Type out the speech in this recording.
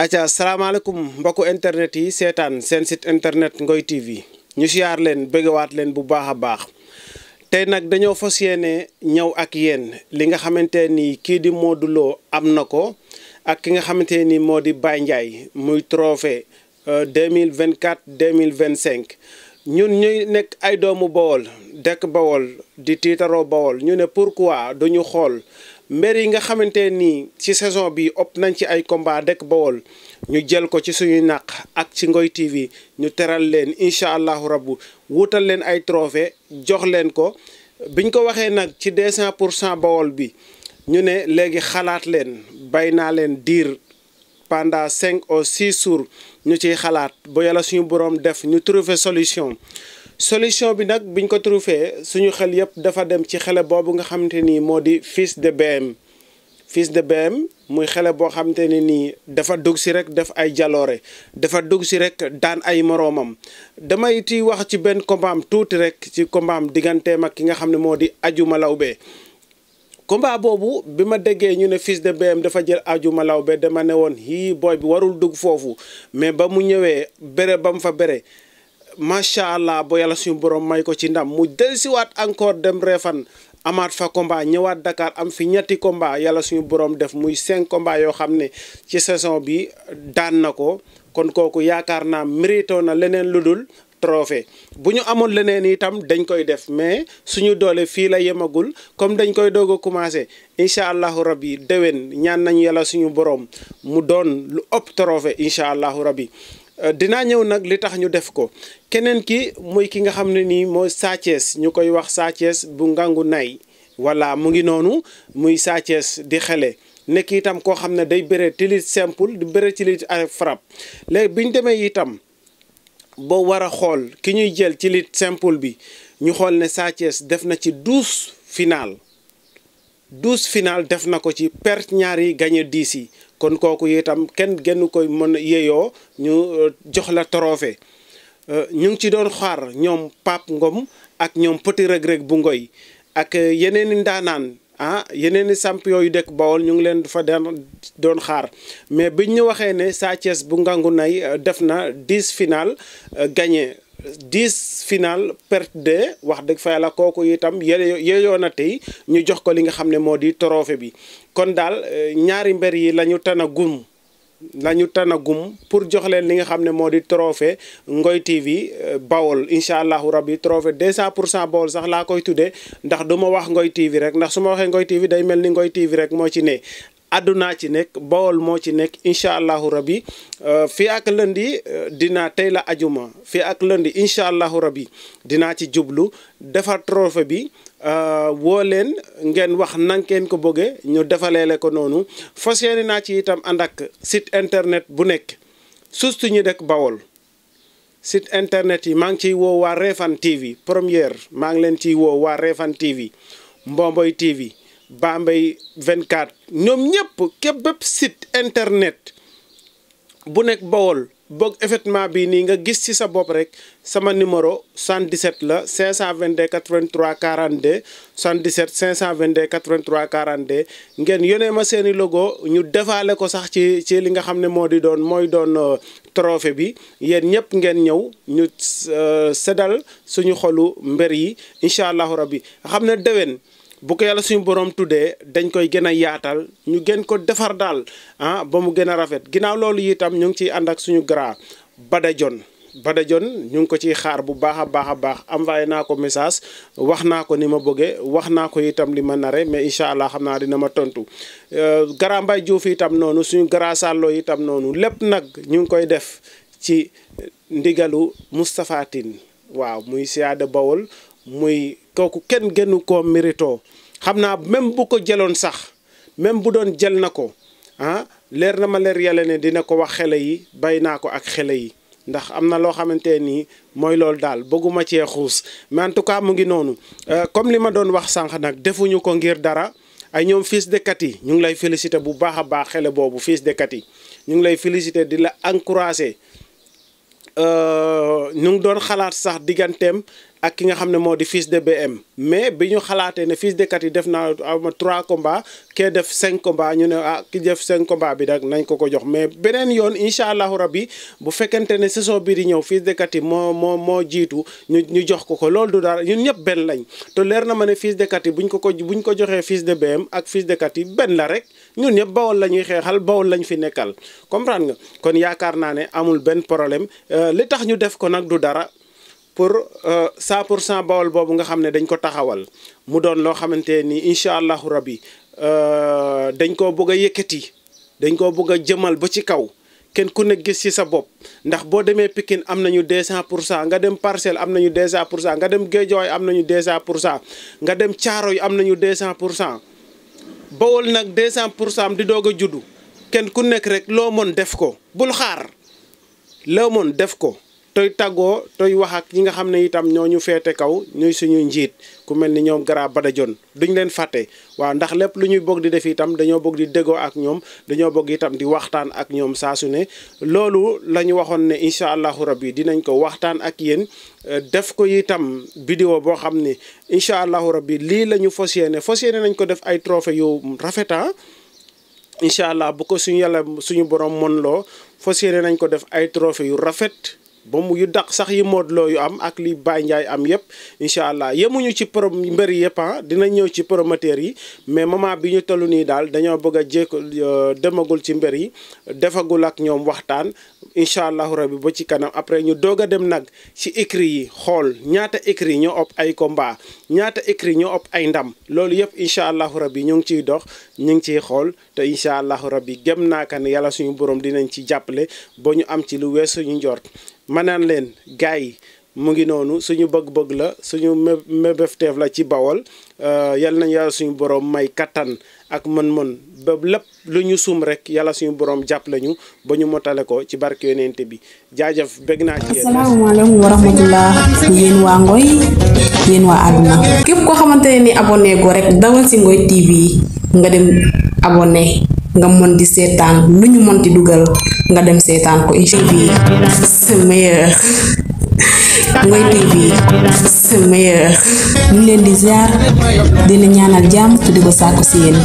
acca salaamaaleykum mbokku internet yi seetaan seen site internet Ngoy TV ñu siyaar leen bëggewaat leen bu baax a baax tey nag dañoo fas yéene ñaw ak yéen li nga xamante ni kii di Modou am na ko ak ki nga xamante ni moo di Baye Ndiaye muy trophée 2024 euh, 2025 ñun ñuy nekk ay doomu Bawol dëkk Bawol di tiitaroo Bawol ñu ne pourquoi duñu xool mbër yi nga xamante ni ci saison bi op nañ ci ay combat dek Bawol ñu jël ko ci suñuy naq ak ci Ngoy TV ñu teral leen incha allahu rabbu wuutal leen ay trophée jox leen ko biñ ko waxee nag ci 200 pour cent Bawol bi ñu ne léegi xalaat leen bay naa leen diir pendant cinq ou six jours ñu ciy xalaat ba yala suñu borom def ñu trouver solution solution bi nag biñ ko trouvé suñu xel yëpp dafa dem ci xele boobu nga xamante nii moo di fils de BM fils de BM muy xele boo xamante ne nii dafa dugg si rek def ay jaloore dafa dugg si rek daan ay moroomam damay ti wax ci benn combat tuuti rek ci combat am digganteem ak ki nga xam ne moo di Ajuma Lawbe combat boobu bi ma déggee ñu ne fils de BM dafa jël Ajuma Lawbe dama ne woon hii booy bi warul dugg foofu mais ba mu ñëwee bere ba mu fa bere macha allah ba yàlla suñu borom may ko ci ndam mu dellusiwaat encore dem Réfane amaat fa combat ñëwaat Dakar am fi ñetti combat yàlla suñu borom def muy cinq combat yoo xam ne ci saison bi daan na ko kon kooku yaakaar naa mérito na leneen lu dul trophée bu ñu amoon leneen itam dañ koy def mais suñu doole fii la yemagul comme dañ koy doog a commencé incha allahu rabi déwén ñaan nañ yàlla suñu borom mu doon lu ëpp trophée incha allahu rabi. Euh, dinaa ñëw nag li tax ñu def ko keneen ki muy ki nga xam ne nii mooy Sa ñu koy wax Sa bu ngàngu nay voilà mu ngi noonu muy Sa di xele nekk itam koo xam ne day bëre ci lutte simple di bëre ci lutte ak frappe léegi bi ñu demee itam boo war xool ki ñuy jël ci lutte simple bi ñu xool ne Sa def na ci douze finaal douze final def na ko ci perte ñaari yi gagné yi kon kooku itam kenn genn koy mën a yeyoo ñu euh, jox la trophée euh, ñu ngi ci doon xaar ñoom Pape Ngom ak ñoom Petit Reug Reug bu Ngoy ak euh, yeneeni ndaanaan ah yeneen i samp yooyu dëkk Bawol ñu ngi leen fa daan doon xaar mais biñ ñu waxee ne Sa bu ngàngu nay def na dix final gagné. dix final perte de wax dëgg fa yàlla kooku itam yé yeyoo na tey ñu jox ko li nga xam ne moo di trophée bi kon daal euh, ñaari mber yi la ñu tànn gum la ñu tànn gum pour jox leen li nga xam ne moo di trophée Ngoy TV euh, Bawol incha allahu rabbi trophée deux cent pour sa Bawol sax laa koy tuddee ndax du ma wax Ngoy TV rek ndax su ma waxee Ngoy TV day mel ni Ngoy TV rek moo ci ne àddunaa ci nekk bawol moo ci nekk incha allahu rabi euh, fii ak lundi euh, dinaa tey la ajuma fii ak lëndi incha allahu rabi dinaa ci jublu defar trophée bi euh, woo leen ngeen wax nankeen ko bëggee ñu defaleele ko noonu fas yéene naa ci itam ànd ak site internet bu nekk surtout ñu dëkk bawol sit internet yi maa ngi ciy woo waa Refane TV première maa ngi leen ciy woo waa Refane TV Mbomboy TV Bambey 24 ñoom ñëpp képp bépp internet bu nekk Bawol boog effectivement bii nii nga gis ci sa bopp rek sama numéro 77 la 522 83 42 77 522 83 42 ngeen yónnee ma seeni logo ñu defaale ko sax ci ci li nga xam ne moo di doon mooy doon euh, trophée bi yéen ñëpp ngeen ñëw ñu euh, séddal suñu xolu mbër yi incha allahu rabbi xam ne déwén. bu ko yàlla suñu borom tuddee dañ koy gën a yaatal ñu gën ko defar daal ah ba mu gën a rafet ginnaaw loolu itam ñu ngi ciy ànd ak suñu grand Badajon Badajon ñu ngi ko ciy xaar bu baax a baax a baax envoyé naa ko message wax naa ko ni ma bëggee wax naa ko itam li ma nare mais incha allah xam naa dina ma tontu. Euh, grand Mbaye Diouf itam noonu suñu gara Sàllo itam noonu lépp nag ñu ngi koy def ci ndigalu Moustapha waaw muy Siyaada Bawol muy. kooku kenn gënu koo mérito xam naa même bu ko jëloon sax même bu doon jël na ko ah leer na ma leer yàlla ne dina ko wax xele yi bay naa ko ak xele yi ndax am na loo xamante nii mooy loolu daal bëgguma cee xuus mais tout cas mu ngi noonu euh, comme li ma doon wax sànq nag defuñu ko ngir dara ay ñoom fils de Kati ñu ngi lay félicité bu baax a baax xele boobu fils de Kati ñu ngi lay félicité di la encouragé euh, ñu ngi doon xalaat sax digganteem ak ki nga xam ne moo di fils de em mais bi ñu xalaatee ne fils de kat yi def naa ama trois combats kee def cinq combats ñu ne ah ki def cinq combats bi nag nañ ko ko jox mais beneen yoon incha allahu rabbi bu fekkente ne saison bii di ñëw fils de kat yi moo moo moo jiitu ñu ñu jox ko ko loolu du dara ñun ñëpp benn lañ te leer na ma ne fils de kat yi buñ ko ko buñ ko joxee fils de em ak fils de kat yi benn la rek ñun ñëpp bawol la ñuy xeexal bawol lañu fi nekkal comprendre nga kon yaakaar naa ne amul benn problème euh, li tax ñu def ko nag du dara. pour cent euh, pour cent bawal boobu nga xam ne dañ ko taxawal mu doon loo xamante ni incha allahu rabi euh, dañ koo bëgg a yëkkati dañ koo bëgg a jëmal ba ci kaw kenn ku ne gis ci sa bopp ndax boo demee pikin am nañu 200 pour cent nga dem parcelle am nañu 200 nga dem géejooy am nañu 200 nga dem caaroy am nañu 200 pour cent 200 di doog judu ken kenn ku nekk rek loo mon def ko bul xaar loo mon def ko toy tàggoo toy wax ak ñi nga xam ne itam ñoo ñu feete kaw ñuy suñuy njiit ku mel ni ñoom Gara Badajon duñ leen fàtte waaw ndax lépp lu ñuy bëgg di def itam dañoo bëgg di déggoo ak ñoom dañoo bëgg itam di waxtaan ak ñoom saa su ne loolu la ñu waxoon ne incha allahu rabbi dinañ ko waxtaan ak yéen euh, def ko itam vidéo boo xam ne incha allahu rabbi lii la ñu fas yéene fas yéene nañ ko def ay trophée yu rafeta ah. incha allah bu ko suñu yàlla suñu borom mën loo fas nañ ko def ay trophée yu rafet ba mu yu daq sax yi Modou yu am ak li Baye Ndiaye am yëpp incha allah yemuñu ci pro mbër yëpp ah dina ñëw ci promoteur yi mais moment bi ñu toll nii daal dañoo bëgg a jékku euh, demagul ci mbër yi defagul ak ñoom waxtaan inshallah rabbi bo ci kanam après ñu doga dem nag ci écrit yi xool ñaata écrit ñoo op ay combat ñaata écrit ñoo op ay ndam loolu yëpp inshallah rabbi ñu ngi ciy dox ñu ngi ciy xool te inshallah rabbi gem naa kan yàlla suñu borom dinañ ci jàppale ba ñu am ci lu weesu ñu njort manan leen gaay mu ngi noonu suñu bëgg bëgg la suñu mebef teef la ci bawal euh, yàlla nañ yàlla suñu borom may kattan ak mën-mën ba lépp lu ñu suum rek yàlla suñu borom jàpp lañu ba ñu motale ko ci barke yonente bi jaajëf bëgg naa ci yéen. asalaamaaleykum wa rahmatullah yéen waa Ngoy yéen waa àdduna. képp koo xamante ne ni abonné ko rek dawal si Ngoy TV nga dem abonné nga mën di seetaan lu ñu mën di dugal nga dem seetaan ko incha allah. Ngoye TV c'est meilleur ñu leen di ziar di la ñaanal jàmm te di ko sàkku si yéen.